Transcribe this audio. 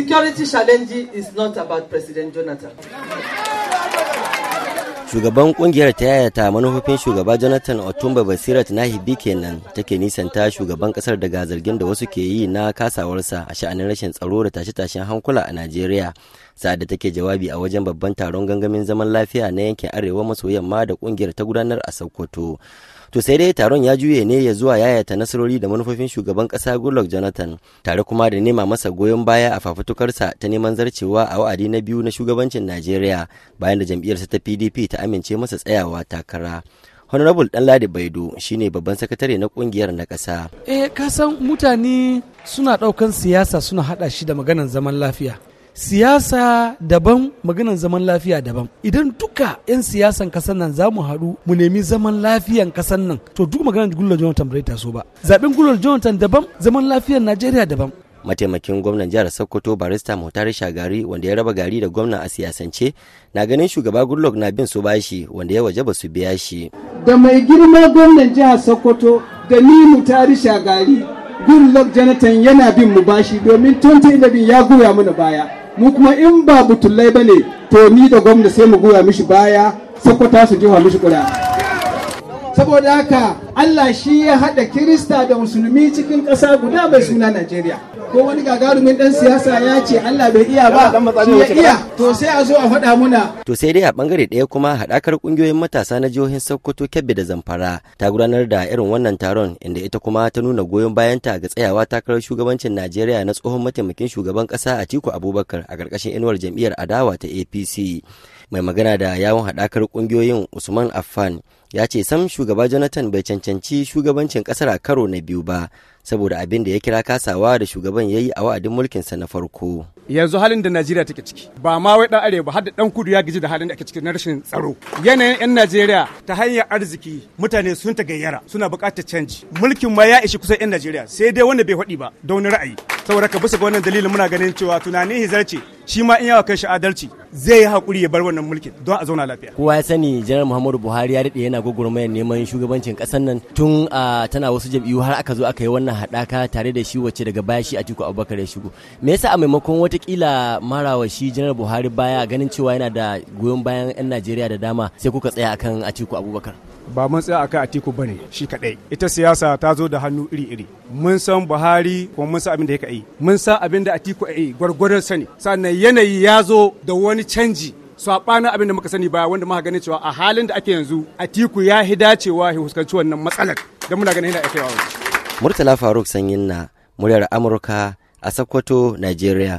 Security challenge is not about President Jonathan. Shugaban kungiyar ta yayata manufofin shugaba Jonathan Otumba Basirat Nahibi kenan take nisanta shugaban kasar daga zargin da wasu ke yi na kasawarsa a sha'anin rashin tsaro da tashe-tashen hankula a Najeriya. sa'ad da take jawabi a wajen babban taron gangamin zaman lafiya na yankin arewa maso yamma da kungiyar ta gudanar a sokoto to sai dai taron ya juye ne ya zuwa yayata nasarori da manufofin shugaban kasa goodluck jonathan tare kuma da nema masa goyon baya a fafutukarsa ta neman zarcewa a wa'adi na biyu na shugabancin najeriya bayan da jam'iyyarsa ta pdp ta amince masa tsayawa takara honorable danladi baido shine babban sakatare na kungiyar na kasa eh kasan mutane suna daukan siyasa suna hada shi da maganar zaman lafiya siyasa daban maganan zaman lafiya daban idan duka 'yan siyasan kasan nan za mu haɗu mu nemi zaman lafiyan kasan nan to duk maganar gullar jonathan bai taso ba zaɓen gullar jonathan daban zaman lafiyar najeriya daban mataimakin gwamnan jihar sokoto barista mutare shagari wanda ya raba gari da gwamna a siyasance na ganin shugaba goodluck na bin su bashi wanda ya waje ba su biya shi da mai girma gwamnan jihar sokoto da ni mutare shagari goodluck jonathan yana bin mu bashi domin tuntun ya goya mana baya mu kuma in ba butullai ba ne to ni da gwamna sai mu goya mishi baya sakwata su wa mishi kula. saboda haka allah shi ya haɗa kirista da musulmi cikin ƙasa guda mai suna najeriya ko wani gagarumin dan siyasa ya ce Allah bai iya ba shi ya iya to sai a zo a faɗa muna to sai dai a bangare ɗaya kuma haɗakar ƙungiyoyin matasa na jihohin Sokoto Kebbi da Zamfara ta gudanar da irin wannan taron inda ita kuma ta nuna goyon bayanta ga tsayawa takarar shugabancin Najeriya na tsohon mataimakin shugaban ƙasa Atiku Abubakar a ƙarƙashin inuwar jam'iyyar adawa ta APC mai magana da yawon haɗakar ƙungiyoyin Usman Affan ya ce sam shugaba Jonathan bai cancanci shugabancin ƙasar a karo na biyu ba saboda abin da ya kira kasawa da shugaban ya yi a wa'adin mulkinsa na farko. yanzu halin da Najeriya take ciki ba ma wai dan arewa har da dan kudu ya gaji da halin da ake ciki na rashin tsaro yanayin yan Najeriya ta hanyar arziki mutane sun ta gayyara suna buƙatar canji mulkin ma ya ishi kusan yan Najeriya sai dai wanda bai hadi ba da wani ra'ayi saboda ka bisa ga wannan dalilin muna ganin cewa tunani hizarci shi ma in yawa kai shi adalci zai yi hakuri ya bar wannan mulkin don a zauna lafiya. Kowa ya sani Janar Muhammadu Buhari ya daɗe yana gwagwarmayar neman shugabancin ƙasar nan tun tana wasu jam'iyyu har aka zo aka yi wannan haɗaka tare da shi wacce daga baya shi Atiku Abubakar ya shigo. Me yasa a maimakon wata watakila wa shi janar buhari baya ganin cewa yana da goyon bayan 'yan najeriya da dama sai kuka tsaya akan atiku abubakar ba mun tsaya akan atiku bane shi kadai ita siyasa ta zo da hannu iri-iri mun san buhari kuma mun san abin da yake yi mun san abin da atiku yi gwargwadon sani sannan yanayi ya zo da wani canji sabanin abin da muka sani ba wanda muka gani cewa a halin da ake yanzu atiku ya hi dacewa ya fuskanci wannan matsalar da muna ganin yana aikewa murtala faruk sanyin na muryar amurka a sokoto nigeria